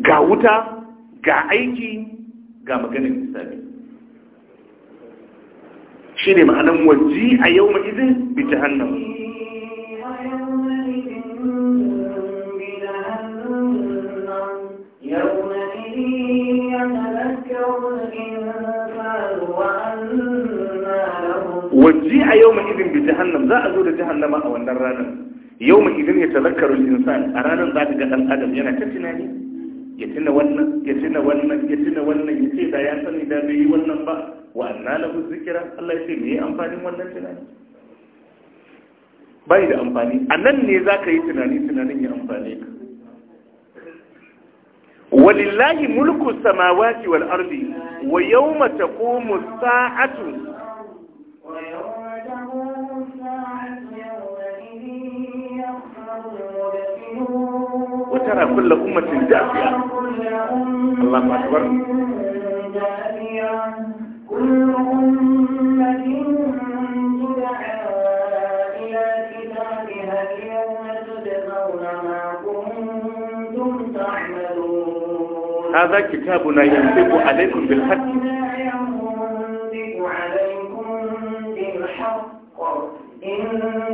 ga wuta ga aiki ga maganar hisabi shi ne ma'anan waji a yau ma'izin bi jahannam waji a yau ma'izin bi jahannam za a zo da jahannama a wannan ranar yau ma'izin ya talakar insan a ranar za ta ga ɗan adam yana ta tunani ya tuna wannan ya tuna wannan ya tuna wannan ya ce da ya sani da bai yi wannan ba wa anna lahu zikira Allah ya ce me amfanin wannan tunani bai da amfani a nan ne za ka yi tunani tunanin ya amfane ka walillahi mulku samawati wal ardi wa yawma taqumu as-sa'atu ترى كل أمة دافئة الله أكبر كل أمة تدعى إلى كتابها ما كنتم هذا كتابنا ينطق عليكم بالحق ينطق عليكم بالحق إن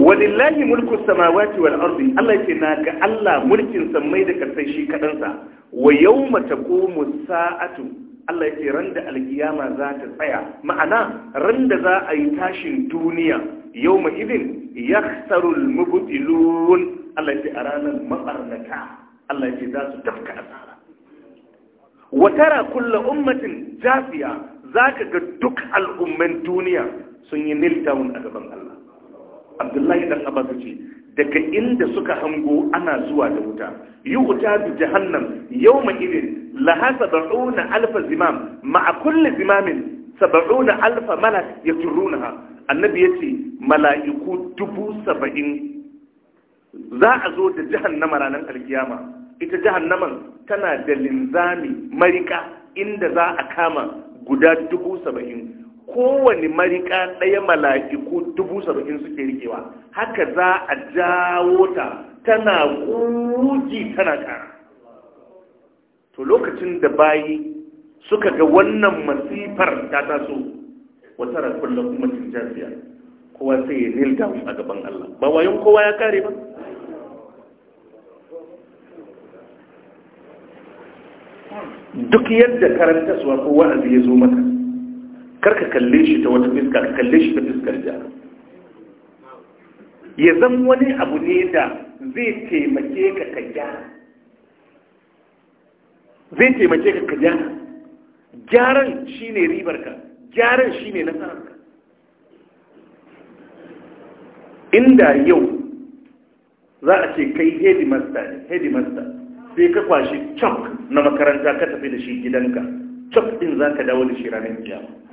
walillahi mulku samawati wal ardi Allah ce na ga Allah mulkin sammai da karsai shi kadan sa wa yawma taqumu sa'atu Allah yake randa alkiyama za ta tsaya ma'ana randa za a yi tashin duniya yawma idin yakhsaru al-mubtilun Allah ce a ranar mabarnata Allah ce za su tafka asara wa tara kullu ummatin jafiya zaka ga duk al'umman duniya sun yi nil down a gaban Allah abdullahi dan abbas ce daga inda suka hango ana zuwa da wuta Yi wuta bi jahannam Yau idin laha sab'una alfa zimam ma'a kulli zimamin sab'una alf malak yaturunaha annabi yace mala'iku dubu saba'in za a zo da jahannama ranar alkiyama ita jahannaman tana da linzami marika inda za a kama guda dubu saba'in kowane marika ɗaya mala'iku dubu saba'in suke rikewa haka za a jawo ta tana ƙugi tana ƙara to lokacin da bayi suka ga wannan masifar ta taso wata rakun da kuma jafiya kowa sai ya kneel down a gaban Allah ba wayon kowa ya kare ba duk yadda suwa kowa wa'azi ya zo maka kar ka kalle shi ta wata fiska ka kalle shi ta fiskar ja ya zan wani abu ne da zai taimake ka ka gyara zai taimake ka ka gyara gyaran shi ribarka gyaran shine nasararka inda yau za a ce kai headmaster ne headmaster sai ka kwashi chok na makaranta ka tafi da shi gidanka chok din za ka dawo da shi ranar kiyama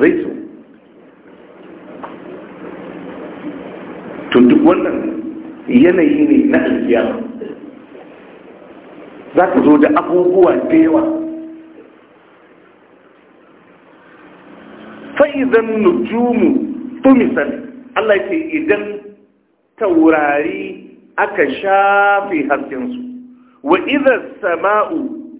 zai so to duk wannan yanayi ne na alfiya za ka zo da abubuwa da yawa fa'izan nujumu misali Allah ce idan taurari aka shafe haskensu wa idan sama'u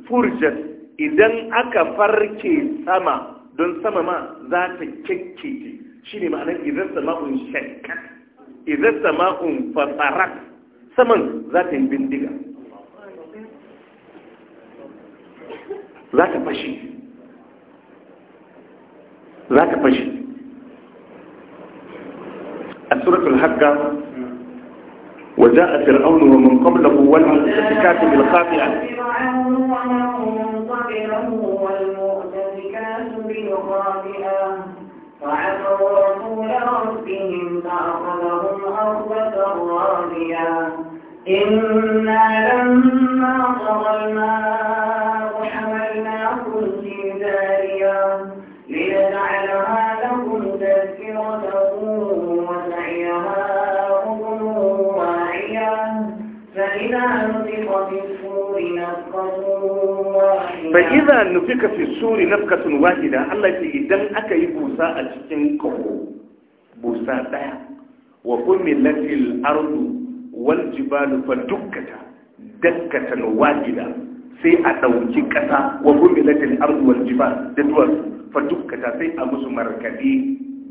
furjas idan aka farke sama don sama ma za ta kyakkece shi ne ma'anar idan sama'un shakka idan sama'un fasarar saman za ta yi bindiga za ta fashi za ta fashi a suratul haqqa وجاء فرعون ومن قبله والمؤتفكات بالخاطئة فرعون فأخذهم أخذة راضية إنا لما طغى الماء حملناكم في داريا لنجعلها لكم تذكرة وسعيها أذن واعيا فإذا نطق في السور نفقة فإذا نفق في السور نفقة واحدة الله يقول إذا أكيبوا ساعة تنكفوا busa ɗaya wa kullin latil ardu wal jibalu fa dukkata dakkatan wajida sai a ɗauki ƙasa wa kullin latil ardu wal jibal da duwatsu fa dukkata sai a musu markaɗe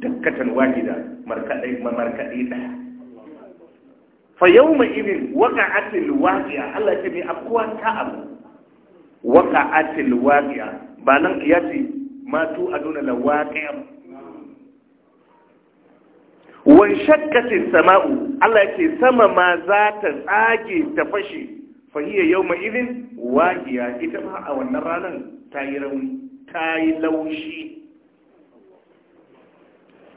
dakkatan wajida markaɗe markaɗe ɗaya fa yawma idin waqa'atil waqi'a Allah ya ce ni afkuwa ta abu waqa'atil waqi'a ba nan ya ce ma tu aduna la wan shakkatin sama'u Allah yake sama ma za ta tsage ta fashe fahiyar yau ma irin wahiya ita ma a wannan ranar ta yi rauni ta yi laushi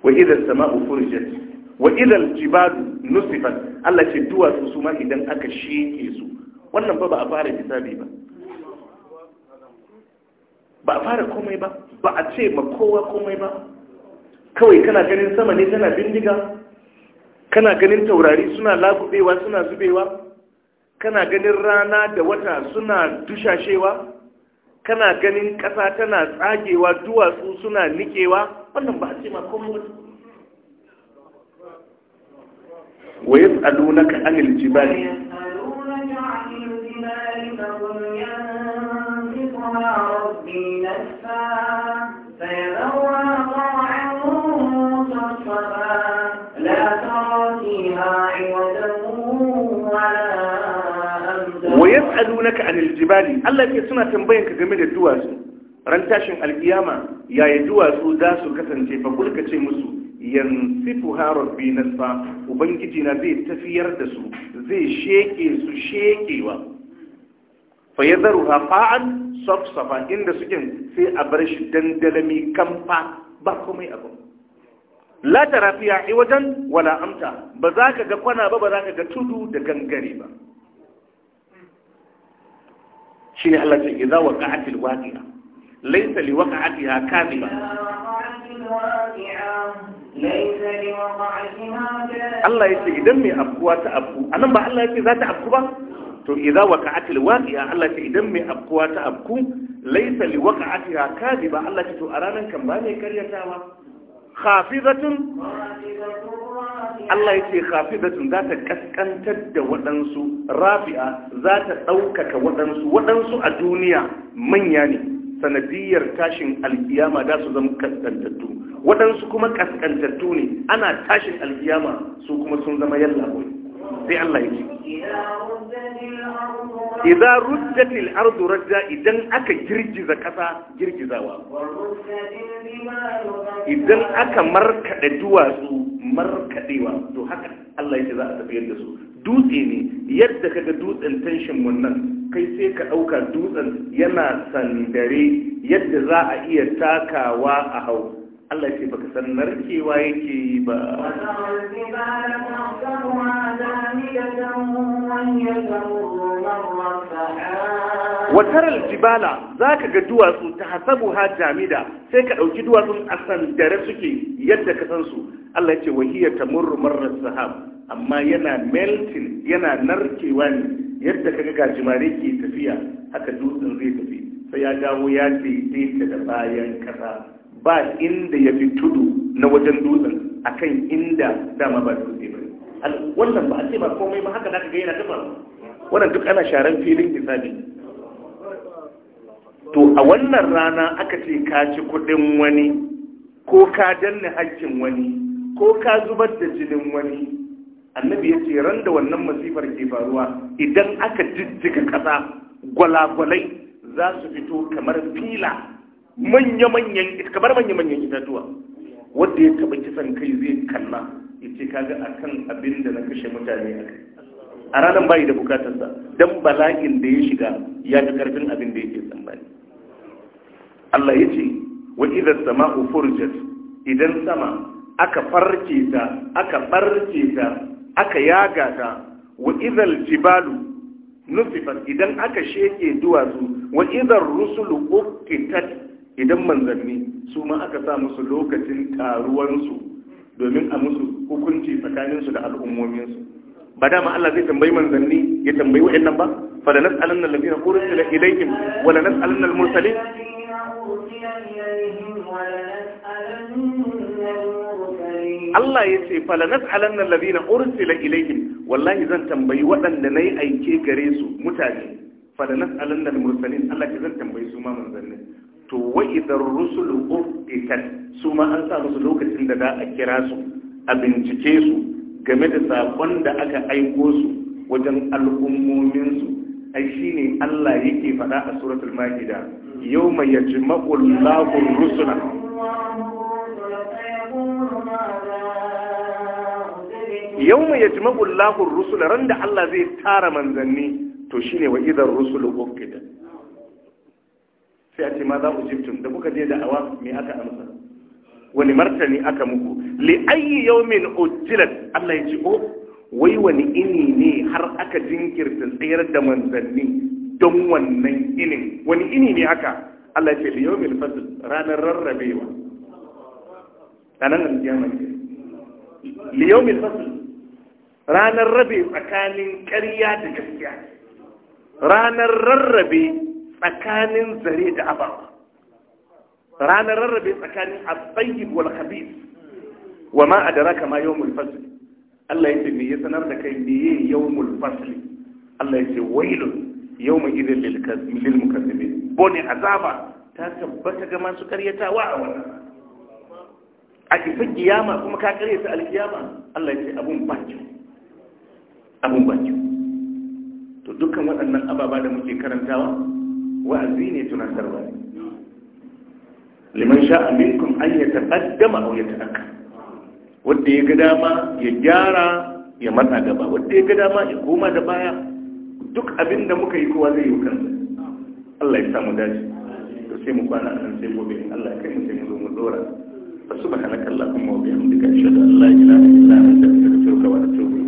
wa idan sama'u furjat wa idan jibalu nusifat Allah ce duwatsu su ma idan aka sheke su wannan ba ba a fara hisabi ba ba a fara komai ba ba a ce ma kowa komai ba kawai kana ganin sama ne tana bindiga kana ganin taurari suna lagubewa suna zubewa kana ganin rana da wata suna dushashewa kana ganin ƙasa tana tsagewa duwatsu suna nikewa wannan ba a ce ma komai wata wa yas'alunaka 'anil jibali فيذرها yas'alunaka anil jibali Allah ke suna tambayan ka game da duwatsu ran tashin alkiyama yaya duwatsu za su kasance fa kulka ce musu yansifuha rabbi nasfa ubangiji na zai tafiyar da su zai sheke su shekewa fa yadharuha fa'an safsafa inda suke sai a bar shi dandalami kamfa ba komai abu la tarafiya iwajan wala amta ba za ka ga kwana ba ba za ka ga tudu da gangare ba shine Allah Allah ya ce idan mai afkuwa ta afku anan ba Allah ya ce za ta afku ba to idza waqa'atil waqi'a Allah ya ce idan mai afkuwa ta afku laysa liwaqa'atiha ba Allah ya ce to a ranar kan ba mai karyatawa khafizatun Allah yake khafidatun za ta kaskantar da waɗansu rafi'a za ta ɗaukaka waɗansu waɗansu a duniya manya ne sanadiyar tashin alkiyama za su zama kaskantattu waɗansu kuma kaskantattu ne ana tashin alkiyama su kuma sun zama yallaboi sai Allah ya ce idza rujjatil ardu rajja idan aka girgiza kasa girgizawa idan aka markada duwatsu markadewa to haka Allah ya ce za a tafiyar da su dutse ne yadda kaga dutsen tension wannan kai sai ka dauka dutsen yana sandare yadda za a iya takawa a hau Allah ce baka san narkewa yake ba watar aljibala za ka ga duwatsu ta hasabu ha jamida sai ka ɗauki duwatsun a sandare suke yadda ka san su Allah ce wahiyar ta murmur sahab amma yana melting yana narkewa ne yadda ka ga gajimare ke tafiya haka dutsen zai tafi sai ya dawo ya daidaita da bayan kasa ba inda ya fi tudu na wajen dutsen akan inda dama ba dutse ba wannan ba a ce ba komai ba haka zaka ga yana tafa wannan duk ana sharan filin hisabi to a wannan rana aka ce ka ci kudin wani ko ka danne hakkin wani ko ka zubar da jinin wani annabi ya ce ran da wannan masifar ke faruwa idan aka jijjiga ƙasa gwalagwalai za su fito kamar fila manya-manyan manyan itatuwa wanda ya taba kisan kai zai kalla ya ce kaga kan abin da na kashe mutane a kai a ranar bayi da bukatarsa don bala'in da ya shiga ya fi karfin abin da yake tsammani Allah ya ce wa idan sama furjat idan sama aka farce ta aka farce ta aka yaga ta wa idan jibalu nufifat idan aka sheke duwatsu wa idan rusulu uqitat idan manzanni su ma aka sa musu lokacin taruwarsu domin a musu hukunci tsakaninsu da al'ummominsu ba dama Allah zai tambayi manzanni ya tambayi wa'annan ba Falanas da nas'alanna allazina ursila ilayhim wa la nas'alanna al Allah ya ce fa la nas'alanna allazina da ilayhim wallahi zan tambayi waɗanda na yi aike gare su mutane Falanas da nas'alanna Allah ya zan tambayi su ma manzanni to wa idan rusulu uftitat su ma an sa musu lokacin da za a kira su a bincike su game da sakon da aka aiko su wajen al'ummomin su ai shine Allah yake faɗa a suratul maida yawma yajma'u Allahu rusula yawma yajma'u Allahu rusula ran da Allah zai tara manzanni to shine wa idan rusulu uftitat sai a ce ma za ku jibtum da kuka je da awa me aka amsa wani martani aka muku li ayi yawmin ujjilat Allah ya ce o wai wani ini ne har aka jinkirta tsayar da manzanni don wannan inin wani ini ne aka Allah ya ce li yawmin fasl ranar rarrabewa ranar ya ne li yawmin fasl ranar rabe tsakanin ƙarya da gaskiya ranar rarrabe tsakanin zare da abawa ranar rarrabe tsakanin abayyib wal khabis wa ma adraka ma yawmul fasl Allah yace me ya sanar da kai me yawmul fasl Allah yace wailun yawma idhil lil kazmi lil mukazzibin bone azaba ta tabbata ga masu karyatawa a wannan a isa kiyama kuma ka karyata alkiyama Allah yace abun baki abun baki to dukkan waɗannan ababa da muke karantawa wa'azi ne tunatarwa ne liman sha'a minkum an ya taqaddama aw ya ta'akkar wadda ya ga dama ya gyara ya matsa gaba wadda ya ga dama ya koma da baya duk abin da muka yi kowa zai yi kansa Allah ya samu daji to sai mu kwana a sai gobe Allah ya kai sai mu zo mu dora subhanakallahumma wa bihamdika ashhadu an la ilaha illa anta astaghfiruka wa atubu